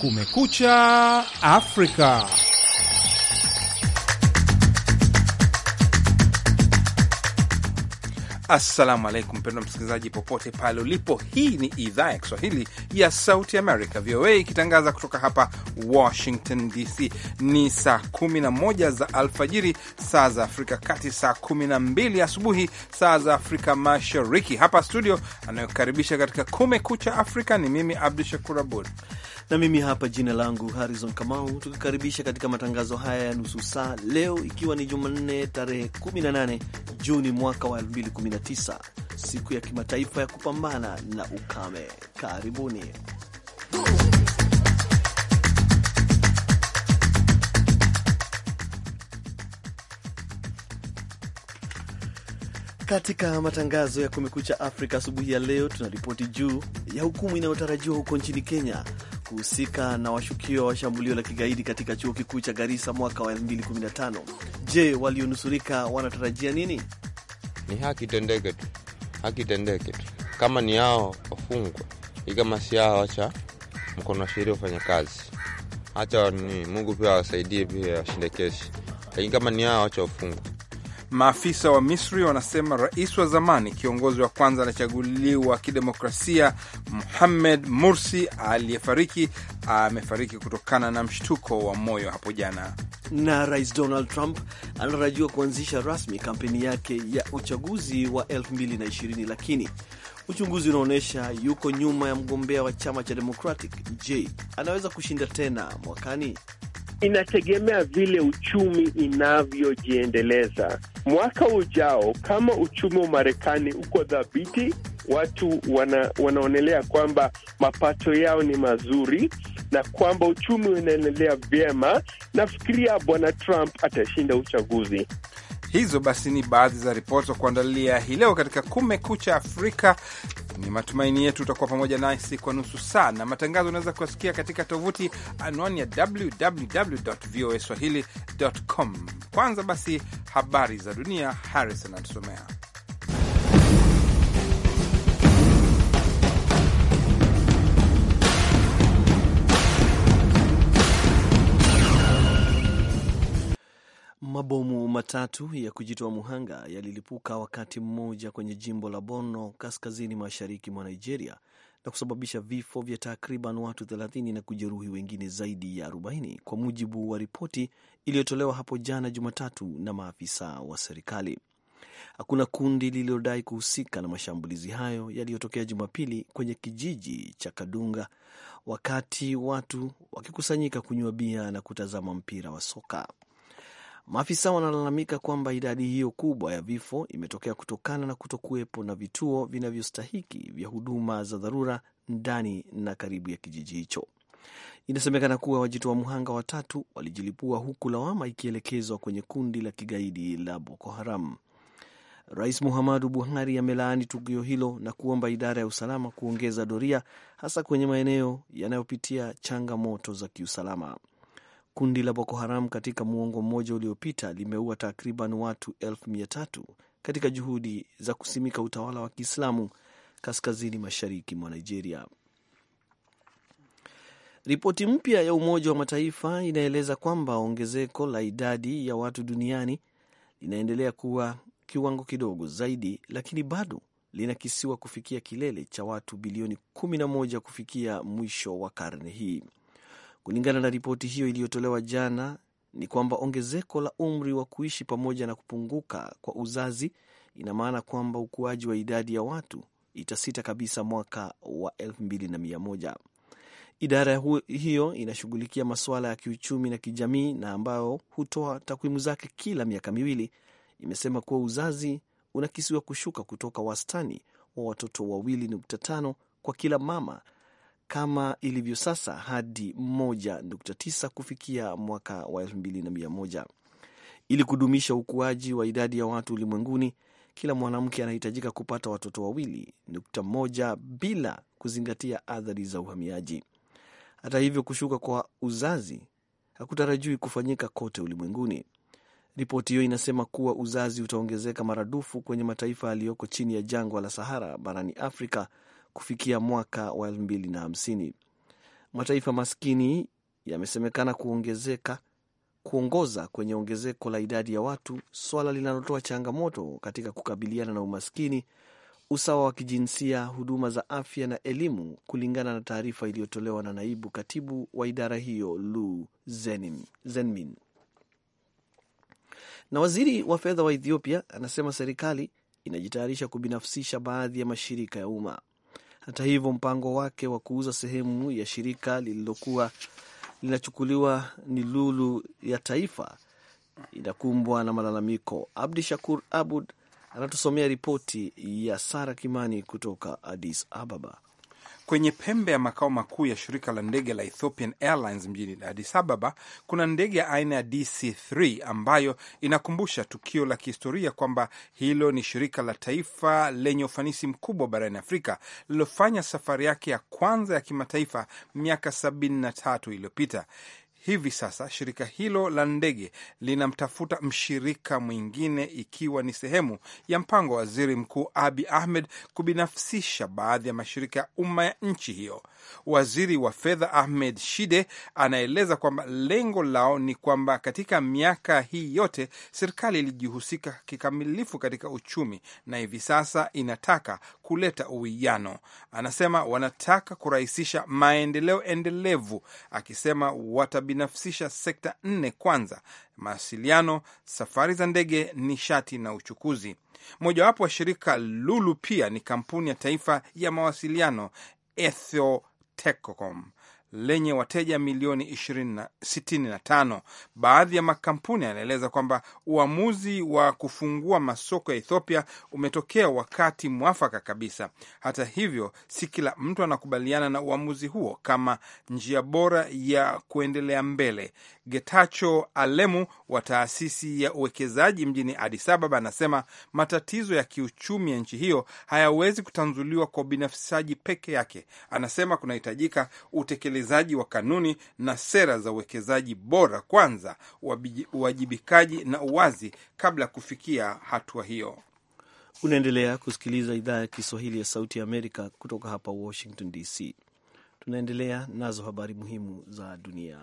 Kumekucha Afrika. Assalamu alaikum, mpendwa msikilizaji popote pale ulipo. Hii ni idhaa ya Kiswahili ya Sauti Amerika, VOA, ikitangaza kutoka hapa Washington DC. Ni saa 11 za alfajiri, saa za Afrika Kati, saa 12 asubuhi, saa za Afrika Mashariki. Hapa studio anayokaribisha katika Kumekucha Afrika ni mimi Abdu Shakur Abud na mimi hapa jina langu Harrison Kamau, tukikaribisha katika matangazo haya ya nusu saa leo, ikiwa ni Jumanne tarehe 18 Juni mwaka wa 2019, siku ya kimataifa ya kupambana na ukame. Karibuni. Katika matangazo ya Kumekucha Afrika asubuhi ya leo tunaripoti juu ya hukumu inayotarajiwa huko nchini Kenya kuhusika na washukiwa wa shambulio la kigaidi katika chuo kikuu cha Garissa mwaka wa 2015. Je, walionusurika wanatarajia nini? Ni haki tendeke tu, haki tendeke tu. Kama ni hao wafungwa, ikama si hao, wacha mkono wa sheria ufanya kazi. Hata ni Mungu pia awasaidie, pia washinde kesi, lakini kama ni hao, wacha wafungwa Maafisa wa Misri wanasema rais wa zamani, kiongozi wa kwanza anachaguliwa kidemokrasia, muhammed Mursi aliyefariki amefariki kutokana na mshtuko wa moyo hapo jana. Na rais Donald Trump anatarajiwa kuanzisha rasmi kampeni yake ya uchaguzi wa 2020 lakini uchunguzi unaonyesha yuko nyuma ya mgombea wa chama cha Democratic. Je, anaweza kushinda tena mwakani? inategemea vile uchumi inavyojiendeleza. Mwaka ujao, kama uchumi wa Marekani uko dhabiti, watu wana, wanaonelea kwamba mapato yao ni mazuri na kwamba uchumi unaendelea vyema, nafikiria bwana Trump atashinda uchaguzi. Hizo basi ni baadhi za ripoti za kuandalia hii leo katika Kumekucha Afrika. Ni matumaini yetu utakuwa pamoja nasi kwa nusu saa, na matangazo unaweza kuwasikia katika tovuti anwani ya www voa swahili com. Kwanza basi, habari za dunia, Harrison anatusomea. Mabomu matatu ya kujitoa muhanga yalilipuka wakati mmoja kwenye jimbo la Borno kaskazini mashariki mwa Nigeria na kusababisha vifo vya takriban watu 30 na kujeruhi wengine zaidi ya 40 kwa mujibu wa ripoti iliyotolewa hapo jana Jumatatu na maafisa wa serikali. Hakuna kundi lililodai kuhusika na mashambulizi hayo yaliyotokea Jumapili kwenye kijiji cha Kadunga wakati watu wakikusanyika kunywa bia na kutazama mpira wa soka. Maafisa wanalalamika kwamba idadi hiyo kubwa ya vifo imetokea kutokana na kutokuwepo na vituo vinavyostahiki vya huduma za dharura ndani na karibu ya kijiji hicho. Inasemekana kuwa wajitoa mhanga watatu walijilipua huku lawama ikielekezwa kwenye kundi la kigaidi la Boko Haram. Rais Muhammadu Buhari amelaani tukio hilo na kuomba idara ya usalama kuongeza doria hasa kwenye maeneo yanayopitia changamoto za kiusalama. Kundi la Boko Haram katika muongo mmoja uliopita limeua takriban watu elfu mia tatu katika juhudi za kusimika utawala wa Kiislamu kaskazini mashariki mwa Nigeria. Ripoti mpya ya Umoja wa Mataifa inaeleza kwamba ongezeko la idadi ya watu duniani linaendelea kuwa kiwango kidogo zaidi, lakini bado linakisiwa kufikia kilele cha watu bilioni 11 kufikia mwisho wa karne hii. Kulingana na ripoti hiyo iliyotolewa jana, ni kwamba ongezeko la umri wa kuishi pamoja na kupunguka kwa uzazi ina maana kwamba ukuaji wa idadi ya watu itasita kabisa mwaka wa 21 Idara hiyo inashughulikia masuala ya kiuchumi na kijamii na ambayo hutoa takwimu zake kila miaka miwili, imesema kuwa uzazi unakisiwa kushuka kutoka wastani wa watoto wawili nukta tano kwa kila mama kama ilivyo sasa hadi 1.9 kufikia mwaka wa 2100. Ili kudumisha ukuaji wa idadi ya watu ulimwenguni, kila mwanamke anahitajika kupata watoto wawili nukta moja bila kuzingatia athari za uhamiaji. Hata hivyo, kushuka kwa uzazi hakutarajiwi kufanyika kote ulimwenguni. Ripoti hiyo inasema kuwa uzazi utaongezeka maradufu kwenye mataifa yaliyoko chini ya jangwa la Sahara barani Afrika kufikia mwaka wa hamsini. Mataifa maskini yamesemekana kuongezeka kuongoza kwenye ongezeko la idadi ya watu, swala linalotoa changamoto katika kukabiliana na umaskini, usawa wa kijinsia, huduma za afya na elimu, kulingana na taarifa iliyotolewa na naibu katibu wa idara hiyo Lu Zenim, Zenmin. Na waziri wa fedha wa Ethiopia anasema serikali inajitayarisha kubinafsisha baadhi ya mashirika ya umma. Hata hivyo, mpango wake wa kuuza sehemu ya shirika lililokuwa linachukuliwa ni lulu ya taifa inakumbwa na malalamiko. Abdi Shakur Abud anatusomea ripoti ya Sara Kimani kutoka Addis Ababa. Kwenye pembe ya makao makuu ya shirika la ndege la Ethiopian Airlines mjini Addis Ababa kuna ndege ya aina ya DC3 ambayo inakumbusha tukio la kihistoria kwamba hilo ni shirika la taifa lenye ufanisi mkubwa barani Afrika lililofanya safari yake ya kwanza ya kimataifa miaka 73 iliyopita. Hivi sasa shirika hilo la ndege linamtafuta mshirika mwingine, ikiwa ni sehemu ya mpango wa waziri mkuu Abi Ahmed kubinafsisha baadhi ya mashirika ya umma ya nchi hiyo. Waziri wa fedha Ahmed Shide anaeleza kwamba lengo lao ni kwamba katika miaka hii yote serikali ilijihusika kikamilifu katika uchumi na hivi sasa inataka kuleta uwiano. Anasema wanataka kurahisisha maendeleo endelevu, akisema wata imebinafsisha sekta nne kwanza: mawasiliano, safari za ndege, nishati na uchukuzi. Mojawapo wa shirika Lulu pia ni kampuni ya taifa ya mawasiliano Ethio Telecom lenye wateja milioni 65. Baadhi ya makampuni yanaeleza kwamba uamuzi wa kufungua masoko ya Ethiopia umetokea wakati mwafaka kabisa. Hata hivyo, si kila mtu anakubaliana na uamuzi huo kama njia bora ya kuendelea mbele. Getacho Alemu wa taasisi ya uwekezaji mjini Addis Ababa anasema matatizo ya kiuchumi ya nchi hiyo hayawezi kutanzuliwa kwa ubinafsaji peke yake. Anasema kunahitajika utekelezaji utekelezaji wa kanuni na sera za uwekezaji bora kwanza, uwajibikaji na uwazi kabla ya kufikia hatua hiyo. Unaendelea kusikiliza idhaa ya Kiswahili ya Sauti ya Amerika kutoka hapa Washington DC. Tunaendelea nazo habari muhimu za dunia.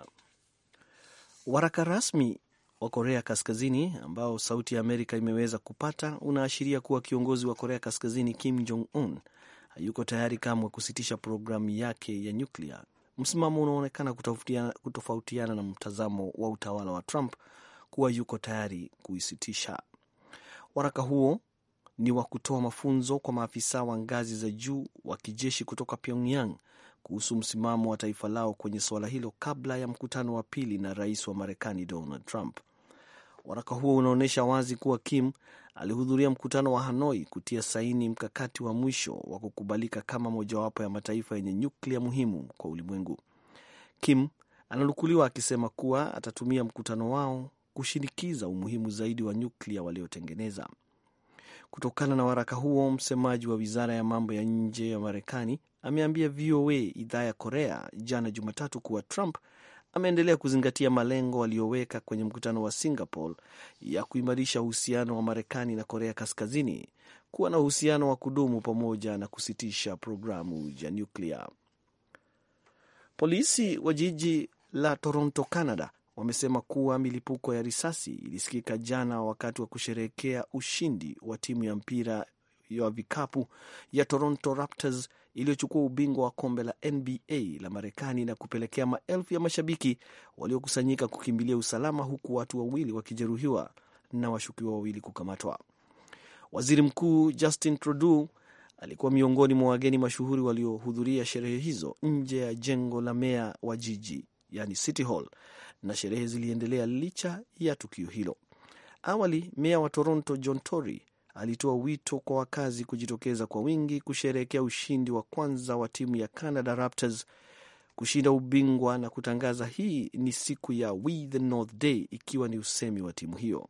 Waraka rasmi wa Korea Kaskazini ambao Sauti ya Amerika imeweza kupata unaashiria kuwa kiongozi wa Korea Kaskazini Kim Jong Un hayuko tayari kamwe kusitisha programu yake ya nyuklia msimamo unaonekana kutofautiana na mtazamo wa utawala wa Trump kuwa yuko tayari kuisitisha. Waraka huo ni wa kutoa mafunzo kwa maafisa wa ngazi za juu wa kijeshi kutoka Pyongyang kuhusu msimamo wa taifa lao kwenye suala hilo kabla ya mkutano wa pili na rais wa Marekani Donald Trump. Waraka huo unaonyesha wazi kuwa Kim alihudhuria mkutano wa Hanoi kutia saini mkakati wa mwisho wa kukubalika kama mojawapo ya mataifa yenye nyuklia muhimu kwa ulimwengu. Kim ananukuliwa akisema kuwa atatumia mkutano wao kushinikiza umuhimu zaidi wa nyuklia waliotengeneza. Kutokana na waraka huo, msemaji wa wizara ya mambo ya nje ya Marekani ameambia VOA idhaa ya Korea jana Jumatatu kuwa Trump ameendelea kuzingatia malengo aliyoweka kwenye mkutano wa Singapore ya kuimarisha uhusiano wa Marekani na Korea Kaskazini, kuwa na uhusiano wa kudumu pamoja na kusitisha programu ya nyuklia. Polisi wa jiji la Toronto, Canada wamesema kuwa milipuko ya risasi ilisikika jana wakati wa kusherehekea ushindi wa timu ya mpira ya vikapu ya Toronto Raptors iliyochukua ubingwa wa kombe la NBA la Marekani na kupelekea maelfu ya mashabiki waliokusanyika kukimbilia usalama, huku watu wawili wakijeruhiwa na washukiwa wawili kukamatwa. Waziri Mkuu Justin Trudeau alikuwa miongoni mwa wageni mashuhuri waliohudhuria sherehe hizo nje ya jengo la meya wa jiji yani City Hall, na sherehe ziliendelea licha ya tukio hilo. Awali meya wa Toronto John Tory alitoa wito kwa wakazi kujitokeza kwa wingi kusherehekea ushindi wa kwanza wa timu ya Canada Raptors kushinda ubingwa na kutangaza hii ni siku ya We the North Day, ikiwa ni usemi wa timu hiyo.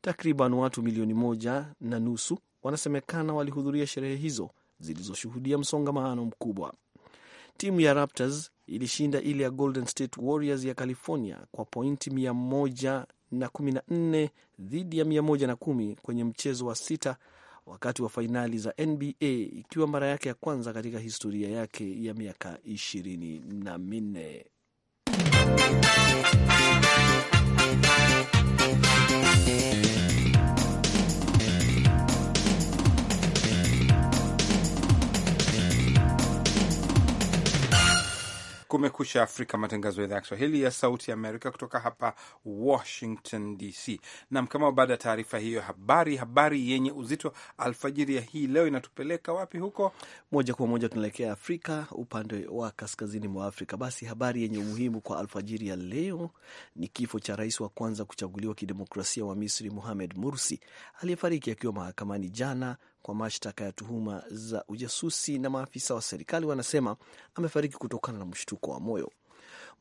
Takriban watu milioni moja na nusu wanasemekana walihudhuria sherehe hizo zilizoshuhudia msongamano mkubwa. Timu ya Raptors ilishinda ile ya Golden State Warriors ya California kwa pointi mia moja na 14 dhidi ya 110 kwenye mchezo wa sita wakati wa fainali za NBA ikiwa mara yake ya kwanza katika historia yake ya miaka ishirini na minne. Kumekucha Afrika, matangazo ya idhaa ya Kiswahili ya Sauti ya Amerika kutoka hapa Washington DC. Nam, kama baada ya taarifa hiyo habari, habari yenye uzito alfajiri ya hii leo inatupeleka wapi? Huko moja kwa moja tunaelekea Afrika, upande wa kaskazini mwa Afrika. Basi habari yenye umuhimu kwa alfajiri ya leo ni kifo cha rais wa kwanza kuchaguliwa kidemokrasia wa Misri, Mohamed Mursi aliyefariki akiwa mahakamani jana kwa mashtaka ya tuhuma za ujasusi na maafisa wa serikali wanasema amefariki kutokana na mshtuko wa moyo.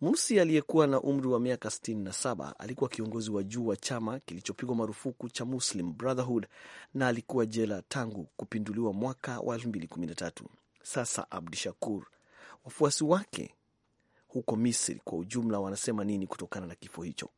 Mursi aliyekuwa na umri wa miaka 67 alikuwa kiongozi wa juu wa chama kilichopigwa marufuku cha Muslim Brotherhood na alikuwa jela tangu kupinduliwa mwaka wa 2013. Sasa Abdu Shakur, wafuasi wake huko Misri kwa ujumla wanasema nini kutokana na kifo hicho?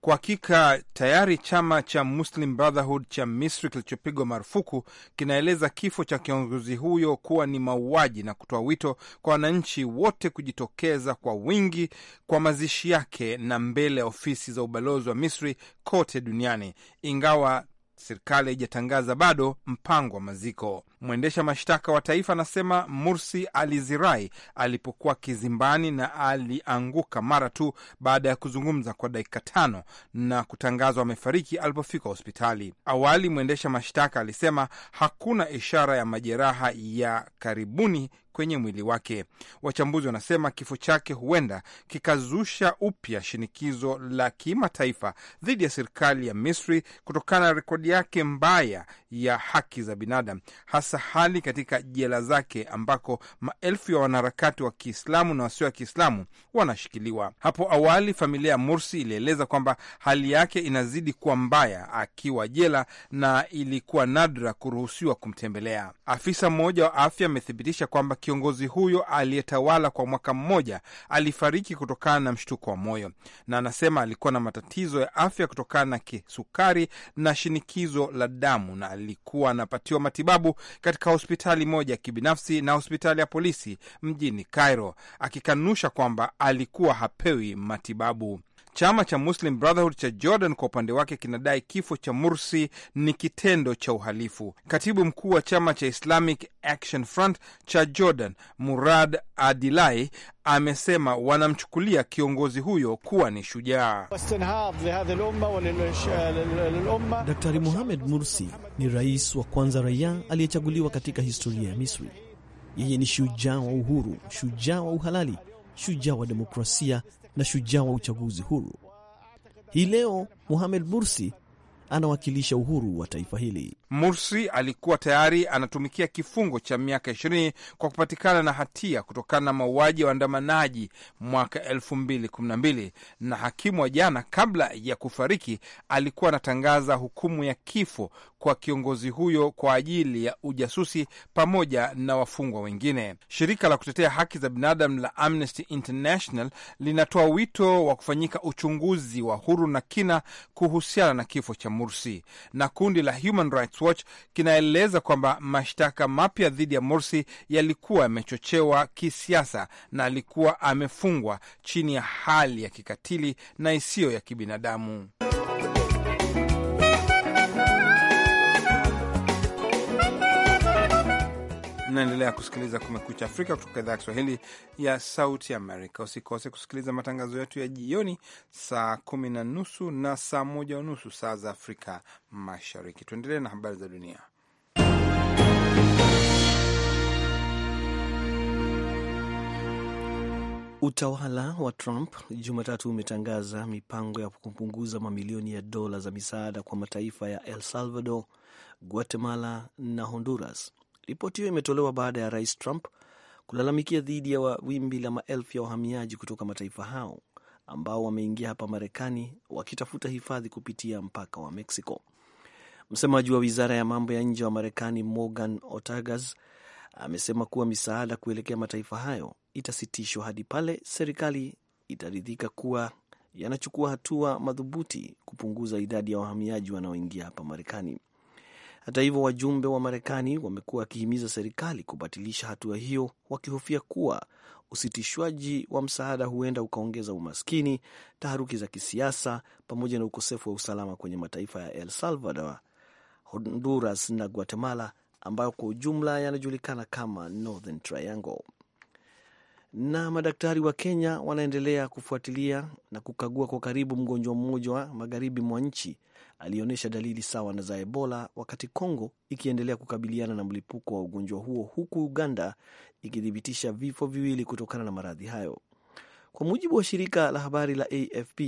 Kwa hakika tayari chama cha Muslim Brotherhood cha Misri kilichopigwa marufuku kinaeleza kifo cha kiongozi huyo kuwa ni mauaji na kutoa wito kwa wananchi wote kujitokeza kwa wingi kwa mazishi yake na mbele ya ofisi za ubalozi wa Misri kote duniani, ingawa serikali haijatangaza bado mpango wa maziko. Mwendesha mashtaka wa taifa anasema Mursi alizirai alipokuwa kizimbani na alianguka mara tu baada ya kuzungumza kwa dakika tano na kutangazwa amefariki alipofika hospitali. Awali mwendesha mashtaka alisema hakuna ishara ya majeraha ya karibuni kwenye mwili wake. Wachambuzi wanasema kifo chake huenda kikazusha upya shinikizo la kimataifa dhidi ya serikali ya Misri kutokana na rekodi yake mbaya ya haki za binadamu hasa hali katika jela zake ambako maelfu ya wanaharakati wa Kiislamu na wasio wa Kiislamu wanashikiliwa. Hapo awali, familia ya Mursi ilieleza kwamba hali yake inazidi kuwa mbaya akiwa jela na ilikuwa nadra kuruhusiwa kumtembelea. Afisa mmoja wa afya amethibitisha kwamba kiongozi huyo aliyetawala kwa mwaka mmoja alifariki kutokana na mshtuko wa moyo, na anasema alikuwa na matatizo ya afya kutokana na kisukari na shinikizo la damu, na alikuwa anapatiwa matibabu katika hospitali moja ya kibinafsi na hospitali ya polisi mjini Cairo, akikanusha kwamba alikuwa hapewi matibabu. Chama cha Muslim Brotherhood cha Jordan kwa upande wake kinadai kifo cha Mursi ni kitendo cha uhalifu. Katibu mkuu wa chama cha Islamic Action Front cha Jordan, Murad Adilai, amesema wanamchukulia kiongozi huyo kuwa ni shujaa. Uh, Daktari Muhamed Mursi ni rais wa kwanza raia aliyechaguliwa katika historia ya Misri. Yeye ni shujaa wa uhuru, shujaa wa uhalali, shujaa wa demokrasia na shujaa wa uchaguzi huru. Hii leo muhamed Mursi anawakilisha uhuru wa taifa hili. Mursi alikuwa tayari anatumikia kifungo cha miaka ishirini kwa kupatikana na hatia kutokana na mauaji ya waandamanaji mwaka mbili na hakimu wa jana, kabla ya kufariki, alikuwa anatangaza hukumu ya kifo kwa kiongozi huyo kwa ajili ya ujasusi pamoja na wafungwa wengine. Shirika la kutetea haki za binadamu la Amnesty International linatoa wito wa kufanyika uchunguzi wa huru na kina kuhusiana na kifo cha Mursi, na kundi la Human Rights Watch kinaeleza kwamba mashtaka mapya dhidi ya Mursi yalikuwa yamechochewa kisiasa na alikuwa amefungwa chini ya hali ya kikatili na isiyo ya kibinadamu. Naendelea kusikiliza Kumekucha Afrika kutoka idhaa ya Kiswahili ya Sauti Amerika. Usikose kusikiliza matangazo yetu ya jioni saa kumi na nusu na saa moja unusu saa za Afrika Mashariki. Tuendelee na habari za dunia. Utawala wa Trump Jumatatu umetangaza mipango ya kupunguza mamilioni ya dola za misaada kwa mataifa ya El Salvador, Guatemala na Honduras Ripoti hiyo imetolewa baada ya rais Trump kulalamikia dhidi ya wimbi la maelfu ya wahamiaji kutoka mataifa hao ambao wameingia hapa Marekani wakitafuta hifadhi kupitia mpaka wa Mexico. Msemaji wa wizara ya mambo ya nje wa Marekani Morgan Otagas amesema kuwa misaada kuelekea mataifa hayo itasitishwa hadi pale serikali itaridhika kuwa yanachukua hatua madhubuti kupunguza idadi ya wahamiaji wanaoingia hapa Marekani. Hata hivyo, wajumbe wa Marekani wamekuwa wakihimiza serikali kubatilisha hatua hiyo, wakihofia kuwa usitishwaji wa msaada huenda ukaongeza umaskini, taharuki za kisiasa, pamoja na ukosefu wa usalama kwenye mataifa ya El Salvador, Honduras na Guatemala ambayo kwa ujumla yanajulikana kama Northern Triangle na madaktari wa Kenya wanaendelea kufuatilia na kukagua kwa karibu mgonjwa mmoja wa magharibi mwa nchi alionyesha dalili sawa na za Ebola, wakati Kongo ikiendelea kukabiliana na mlipuko wa ugonjwa huo, huku Uganda ikithibitisha vifo viwili kutokana na maradhi hayo. Kwa mujibu wa shirika la habari la AFP,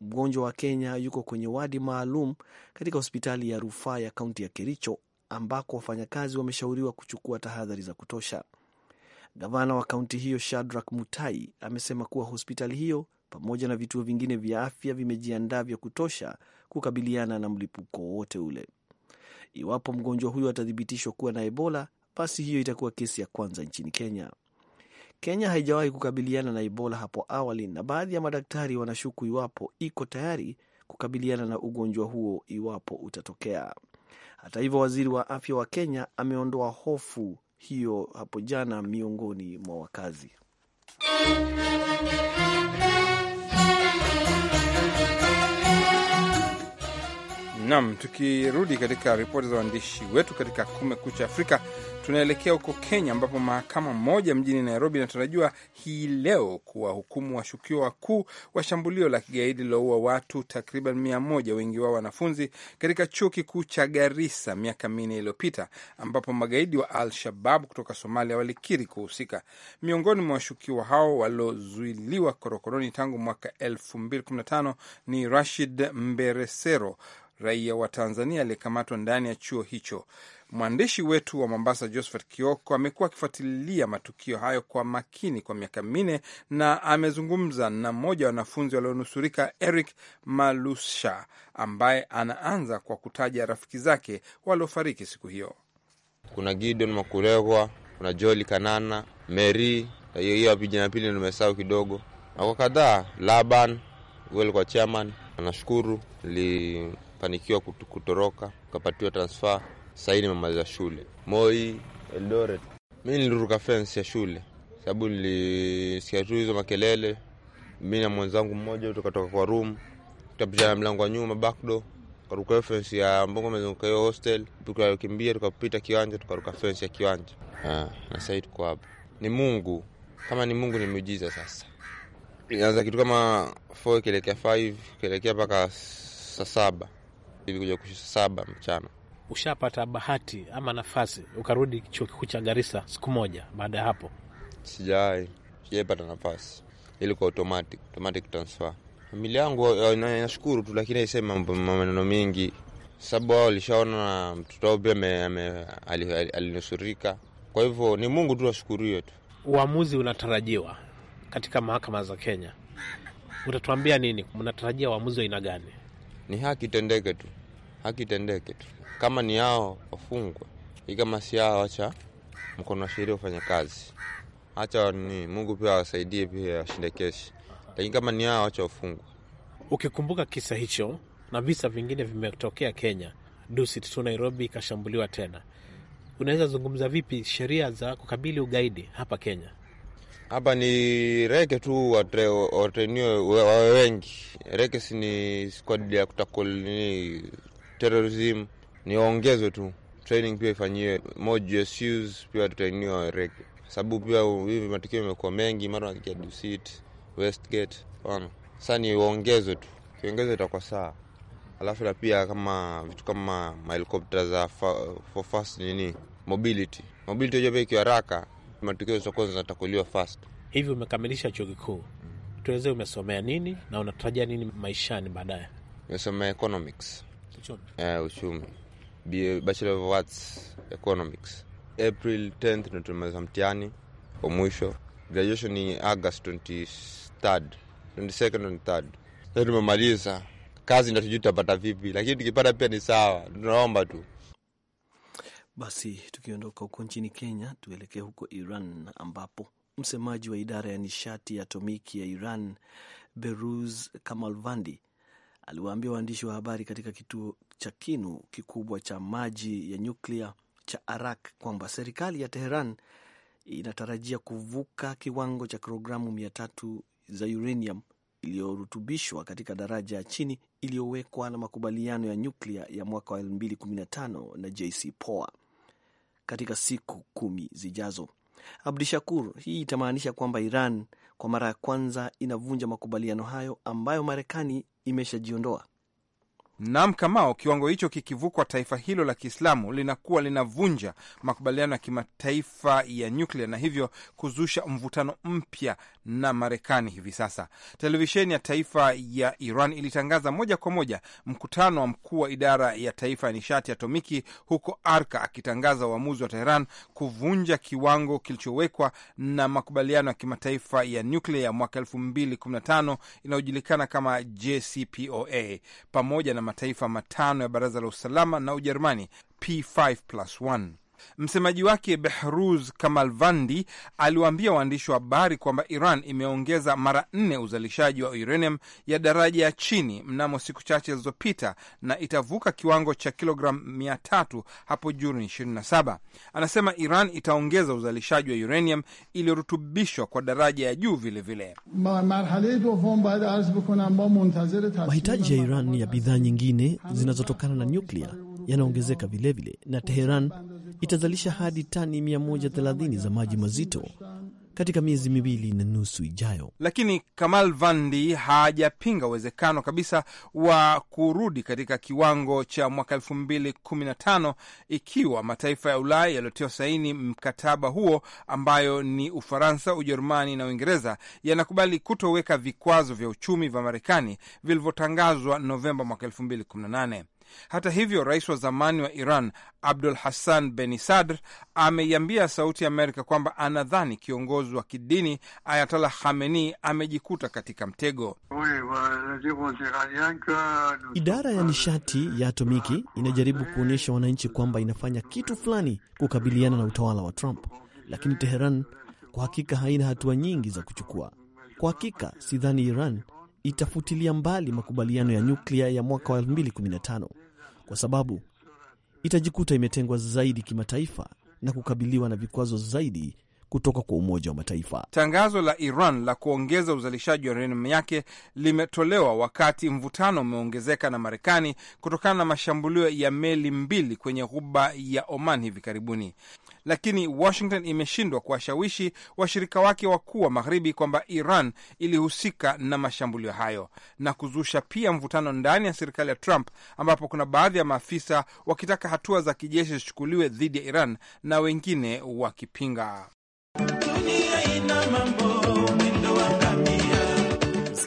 mgonjwa wa Kenya yuko kwenye wadi maalum katika hospitali ya rufaa ya kaunti ya Kericho ambako wafanyakazi wameshauriwa kuchukua tahadhari za kutosha. Gavana wa kaunti hiyo Shadrack Mutai amesema kuwa hospitali hiyo pamoja na vituo vingine vya afya vimejiandaa vya kutosha kukabiliana na mlipuko wowote ule. Iwapo mgonjwa huyo atathibitishwa kuwa na Ebola, basi hiyo itakuwa kesi ya kwanza nchini Kenya. Kenya haijawahi kukabiliana na Ebola hapo awali, na baadhi ya madaktari wanashuku iwapo iko tayari kukabiliana na ugonjwa huo iwapo utatokea. Hata hivyo, waziri wa afya wa Kenya ameondoa hofu hiyo hapo jana miongoni mwa wakazi. Nam, tukirudi katika ripoti za waandishi wetu katika Kumekucha Afrika, Tunaelekea huko Kenya ambapo mahakama moja mjini Nairobi inatarajiwa hii leo kuwahukumu washukiwa wakuu wa shambulio la kigaidi liloua watu takriban mia moja, wengi wao wanafunzi, katika chuo kikuu cha Garissa miaka minne iliyopita, ambapo magaidi wa Al-Shabab kutoka Somalia walikiri kuhusika. Miongoni mwa washukiwa hao waliozuiliwa korokoroni tangu mwaka tano ni Rashid Mberesero raia wa Tanzania aliyekamatwa ndani ya chuo hicho. Mwandishi wetu wa Mombasa, Josephat Kioko, amekuwa akifuatilia matukio hayo kwa makini kwa miaka minne na amezungumza na mmoja wa wanafunzi walionusurika, Eric Malusha, ambaye anaanza kwa kutaja rafiki zake waliofariki siku hiyo. Kuna Gideon Makulegwa, kuna Joli Kanana, Mary, hiyo ya jina pili nimesahau kidogo, na kwa kadhaa Laban, huyo alikuwa chairman. Nashukuru, nikafanikiwa kutoroka, ukapatiwa transfer. Sahii nimemaliza shule Moi Eldoret. Mi niliruka fence ya shule sababu nilisikia tu hizo makelele. Mi na mwenzangu mmoja tukatoka kwa room, na mlango wa nyuma backdoor, tukaruka fence ya Mbongo mezunguka hiyo hostel, tukakimbia tukapita kiwanja, tukaruka fence ya kiwanja ha, ah, na sahii tuko hapa. Ni Mungu kama ni Mungu ni miujiza. Sasa ianza kitu kama 4 ikielekea 5 ikielekea mpaka saa saba ilikuja kuishi saba mchana. Ushapata bahati ama nafasi ukarudi chuo kikuu cha Garissa siku moja baada ya hapo? Sijai, sijaipata nafasi, ilikuwa automatic, automatic transfer. Familia yangu inashukuru eh, tu, lakini haisema maneno mengi, sababu wao walishaona mtoto wao pia alinusurika. Kwa hivyo ni Mungu tu, hiyo tu. Uamuzi unatarajiwa katika mahakama za Kenya, utatuambia nini? Mnatarajia uamuzi wa aina gani? ni haki tendeke tu, haki tendeke tu. Kama ni yao wafungwa, hii kama si hao, acha mkono wa sheria ufanye kazi, acha ni Mungu pia awasaidie, pia ashinde kesi, lakini kama ni yao acha wafungwa. Ukikumbuka kisa hicho na visa vingine vimetokea Kenya, Dusit tu Nairobi ikashambuliwa tena, unaweza zungumza vipi sheria za kukabili ugaidi hapa Kenya? Hapa ni reke tu watrenio wawe wengi. Reke si ni squad ya kutakoli terrorism, ni waongezwe tu training pia ifanyiwe mojusus pia tutainiwa reke, sababu pia hivi matukio imekuwa mengi, mara wakikia Dusit, Westgate ona. Sasa ni waongezwe tu, kiongezwe itakuwa saa. Alafu na pia kama vitu kama mahelikopta za for fast nini mobility mobility, hiyo pia ikiwa raka matokeo za kwanza zinatakuliwa fast. Hivi umekamilisha chuo kikuu, tueleze umesomea nini na unatarajia nini maishani baadaye? Nimesomea economics, eh, uchumi, uh, uchumi. bachelor of arts economics. April 10th ndo tumaliza mtihani wa mwisho. Graduation ni August 23rd, 22nd na 23rd. Sasa tumemaliza, kazi ndio tujui tutapata vipi, lakini tukipata pia ni sawa, tunaomba tu basi tukiondoka huko nchini Kenya, tuelekee huko Iran ambapo msemaji wa idara ya nishati ya atomiki ya Iran Beruz Kamalvandi aliwaambia waandishi wa habari katika kituo cha kinu kikubwa cha maji ya nyuklia cha Arak kwamba serikali ya Teheran inatarajia kuvuka kiwango cha kilogramu mia tatu za uranium iliyorutubishwa katika daraja ya chini iliyowekwa na makubaliano ya nyuklia ya mwaka wa 2015 na JCPOA katika siku kumi zijazo. Abdishakur, hii itamaanisha kwamba Iran kwa mara ya kwanza inavunja makubaliano hayo ambayo Marekani imeshajiondoa. Namkamao kiwango hicho kikivukwa, taifa hilo la Kiislamu linakuwa linavunja makubaliano ya kimataifa ya nyuklia na hivyo kuzusha mvutano mpya na Marekani. Hivi sasa televisheni ya taifa ya Iran ilitangaza moja kwa moja mkutano wa mkuu wa idara ya taifa ya nishati atomiki huko Arka, akitangaza uamuzi wa Teheran kuvunja kiwango kilichowekwa na makubaliano ya kimataifa ya nyuklia ya mwaka 2015 inayojulikana kama JCPOA pamoja na mataifa matano ya Baraza la Usalama na Ujerumani P5+1. Msemaji wake Behruz Kamalvandi aliwaambia waandishi wa habari kwamba Iran imeongeza mara nne uzalishaji wa uranium ya daraja ya chini mnamo siku chache zilizopita na itavuka kiwango cha kilogramu mia tatu hapo Juni 27. Anasema Iran itaongeza uzalishaji wa uranium iliyorutubishwa kwa daraja ya juu vilevile. Mahitaji ya Iran ya bidhaa nyingine zinazotokana na nyuklia yanaongezeka vilevile, na Teheran itazalisha hadi tani 130 za maji mazito katika miezi miwili na nusu ijayo. Lakini Kamal Vandi hajapinga uwezekano kabisa wa kurudi katika kiwango cha mwaka 215 ikiwa mataifa ya Ulaya yaliyotia saini mkataba huo ambayo ni Ufaransa, Ujerumani na Uingereza yanakubali kutoweka vikwazo vya uchumi vya Marekani vilivyotangazwa Novemba mwaka 2018. Hata hivyo, rais wa zamani wa Iran Abdul Hassan Beni Sadr ameiambia Sauti ya Amerika kwamba anadhani kiongozi wa kidini ayatala Khamenei amejikuta katika mtego. Idara ya nishati ya atomiki inajaribu kuonyesha wananchi kwamba inafanya kitu fulani kukabiliana na utawala wa Trump, lakini Teheran kwa hakika haina hatua nyingi za kuchukua. Kwa hakika sidhani Iran itafutilia mbali makubaliano ya nyuklia ya mwaka wa 2015 kwa sababu itajikuta imetengwa zaidi kimataifa na kukabiliwa na vikwazo zaidi kutoka kwa Umoja wa Mataifa. Tangazo la Iran la kuongeza uzalishaji wa uranium yake limetolewa wakati mvutano umeongezeka na Marekani kutokana na mashambulio ya meli mbili kwenye ghuba ya Oman hivi karibuni lakini Washington imeshindwa kuwashawishi washirika wake wakuu wa magharibi kwamba Iran ilihusika na mashambulio hayo na kuzusha pia mvutano ndani ya serikali ya Trump, ambapo kuna baadhi ya maafisa wakitaka hatua za kijeshi zichukuliwe dhidi ya Iran na wengine wakipinga. Dunia ina mambo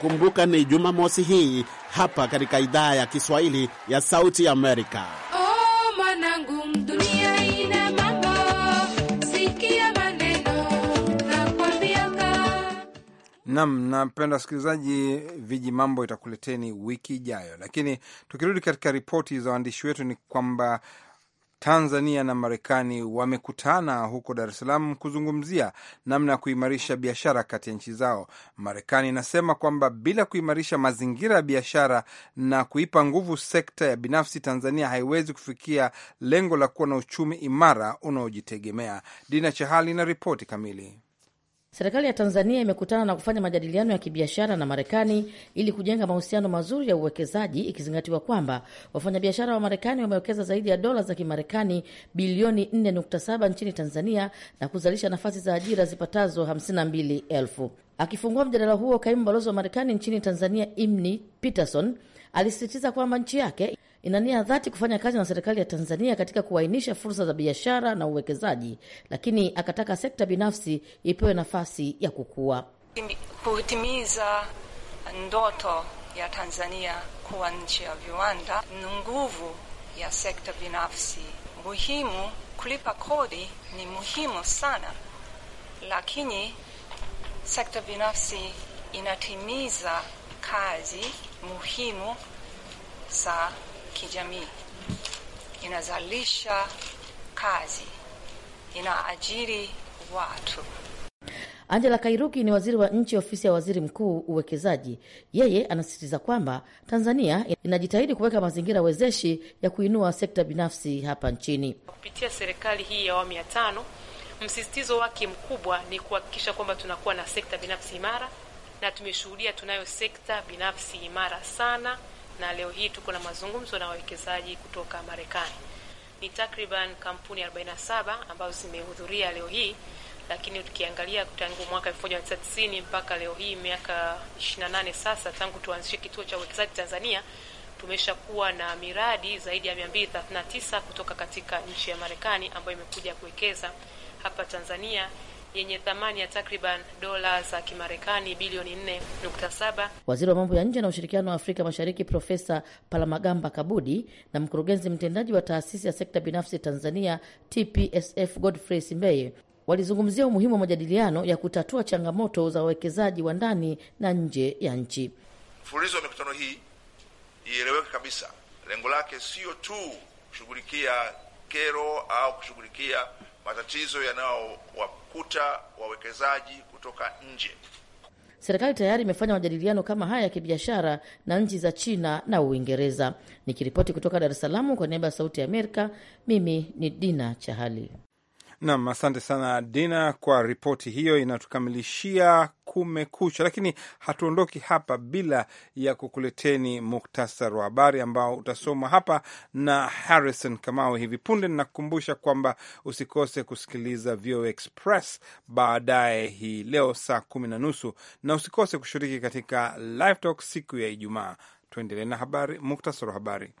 Kumbuka ni Jumamosi hii hapa katika idhaa ya Kiswahili ya Sauti Amerika. Oh, Nam, napenda wasikilizaji, viji mambo itakuleteni wiki ijayo, lakini tukirudi katika ripoti za waandishi wetu ni kwamba Tanzania na Marekani wamekutana huko Dar es Salaam kuzungumzia namna ya kuimarisha biashara kati ya nchi zao. Marekani inasema kwamba bila kuimarisha mazingira ya biashara na kuipa nguvu sekta ya binafsi, Tanzania haiwezi kufikia lengo la kuwa na uchumi imara unaojitegemea. Dina Chahali na ripoti kamili. Serikali ya Tanzania imekutana na kufanya majadiliano ya kibiashara na Marekani ili kujenga mahusiano mazuri ya uwekezaji, ikizingatiwa kwamba wafanyabiashara wa Marekani wamewekeza zaidi ya dola za Kimarekani bilioni 4.7 nchini Tanzania na kuzalisha nafasi za ajira zipatazo 52,000. Akifungua mjadala huo, kaimu balozi wa Marekani nchini Tanzania Imni Peterson alisisitiza kwamba nchi yake ina nia dhati kufanya kazi na serikali ya Tanzania katika kuainisha fursa za biashara na uwekezaji, lakini akataka sekta binafsi ipewe nafasi ya kukua kutimiza ndoto ya Tanzania kuwa nchi ya viwanda. ni Nguvu ya sekta binafsi muhimu, kulipa kodi ni muhimu sana, lakini sekta binafsi inatimiza kazi muhimu za kijamii, inazalisha kazi, inaajiri watu. Angela Kairuki ni waziri wa nchi ofisi ya waziri mkuu uwekezaji. Yeye anasisitiza kwamba Tanzania inajitahidi kuweka mazingira wezeshi ya kuinua sekta binafsi hapa nchini. Kupitia serikali hii ya awamu ya tano, msisitizo wake mkubwa ni kuhakikisha kwamba tunakuwa na sekta binafsi imara na tumeshuhudia tunayo sekta binafsi imara sana, na leo hii tuko na mazungumzo na wawekezaji kutoka Marekani. Ni takriban kampuni 47 ambazo zimehudhuria leo hii, lakini tukiangalia tangu mwaka 1990 mpaka leo hii miaka 28 sasa, tangu tuanzishe kituo cha uwekezaji Tanzania tumeshakuwa na miradi zaidi ya 239 kutoka katika nchi ya Marekani ambayo imekuja kuwekeza hapa Tanzania yenye thamani ya takriban dola za Kimarekani bilioni 4.7. Waziri wa mambo ya nje na ushirikiano wa Afrika Mashariki Profesa Palamagamba Kabudi na mkurugenzi mtendaji wa taasisi ya sekta binafsi Tanzania TPSF Godfrey Simbeye walizungumzia umuhimu wa majadiliano ya kutatua changamoto za wawekezaji wa ndani na nje ya nchi. Mfululizo wa mikutano hii ieleweke kabisa, lengo lake sio tu kushughulikia kero au kushughulikia matatizo yanayowakuta wawekezaji kutoka nje. Serikali tayari imefanya majadiliano kama haya ya kibiashara na nchi za China na Uingereza. Nikiripoti kutoka Dar es Salaam kwa niaba ya Sauti ya Amerika, mimi ni Dina Chahali. Nam, asante sana Dina kwa ripoti hiyo, inatukamilishia Kumekucha. Lakini hatuondoki hapa bila ya kukuleteni muktasar wa habari ambao utasomwa hapa na Harrison Kamau hivi punde. Nakukumbusha kwamba usikose kusikiliza VOA Express baadaye hii leo saa kumi na nusu na usikose kushiriki katika Live Talk siku ya Ijumaa. Tuendelee na habari, muktasar wa habari.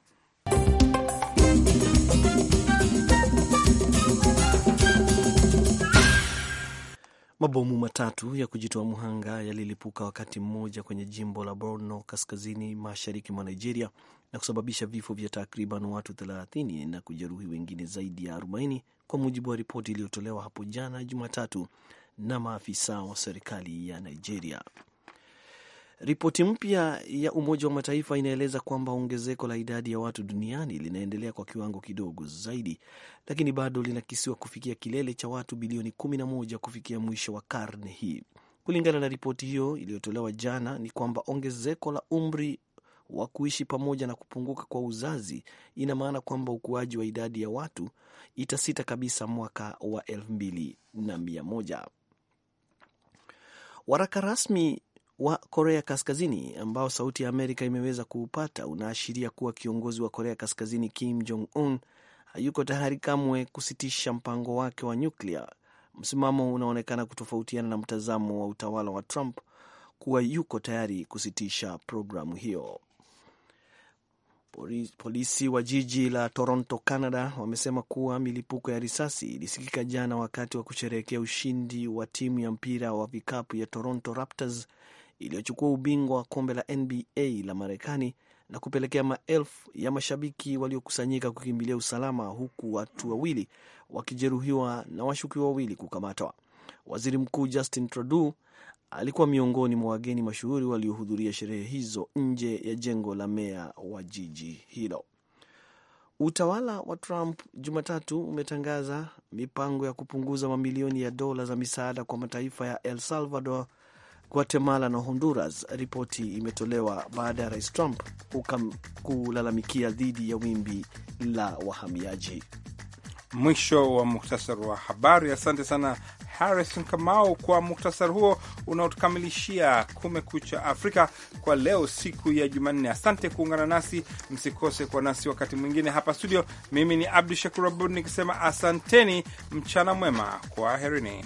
Mabomu matatu ya kujitoa mhanga yalilipuka wakati mmoja kwenye jimbo la Borno kaskazini mashariki mwa Nigeria na kusababisha vifo vya takriban watu 30 na kujeruhi wengine zaidi ya 40 kwa mujibu wa ripoti iliyotolewa hapo jana Jumatatu na maafisa wa serikali ya Nigeria. Ripoti mpya ya Umoja wa Mataifa inaeleza kwamba ongezeko la idadi ya watu duniani linaendelea kwa kiwango kidogo zaidi, lakini bado linakisiwa kufikia kilele cha watu bilioni 11 kufikia mwisho wa karne hii. Kulingana na ripoti hiyo iliyotolewa jana, ni kwamba ongezeko la umri wa kuishi pamoja na kupunguka kwa uzazi ina maana kwamba ukuaji wa idadi ya watu itasita kabisa mwaka wa elfu mbili na mia moja. Waraka rasmi wa Korea Kaskazini ambao Sauti ya Amerika imeweza kuupata unaashiria kuwa kiongozi wa Korea Kaskazini Kim Jong Un hayuko tayari kamwe kusitisha mpango wake wa nyuklia. Msimamo unaonekana kutofautiana na mtazamo wa utawala wa Trump kuwa yuko tayari kusitisha programu hiyo. Polisi wa jiji la Toronto, Canada, wamesema kuwa milipuko ya risasi ilisikika jana wakati wa kusherehekea ushindi wa timu ya mpira wa vikapu ya Toronto Raptors iliyochukua ubingwa wa kombe la NBA la Marekani na kupelekea maelfu ya mashabiki waliokusanyika kukimbilia usalama, huku watu wawili wakijeruhiwa na washukiwa wawili kukamatwa. Waziri Mkuu Justin Trudeau alikuwa miongoni mwa wageni mashuhuri waliohudhuria sherehe hizo nje ya jengo la meya wa jiji hilo. Utawala wa Trump Jumatatu umetangaza mipango ya kupunguza mamilioni ya dola za misaada kwa mataifa ya El Salvador, Guatemala na Honduras. Ripoti imetolewa baada ya rais Trump kulalamikia dhidi ya wimbi la wahamiaji. Mwisho wa muhtasari wa habari. Asante sana Harrison Kamau kwa muktasari huo unaotukamilishia Kumekucha Afrika kwa leo, siku ya Jumanne. Asante kuungana nasi, msikose kwa nasi wakati mwingine hapa studio. Mimi ni Abdu Shakur Abud nikisema asanteni, mchana mwema, kwaherini.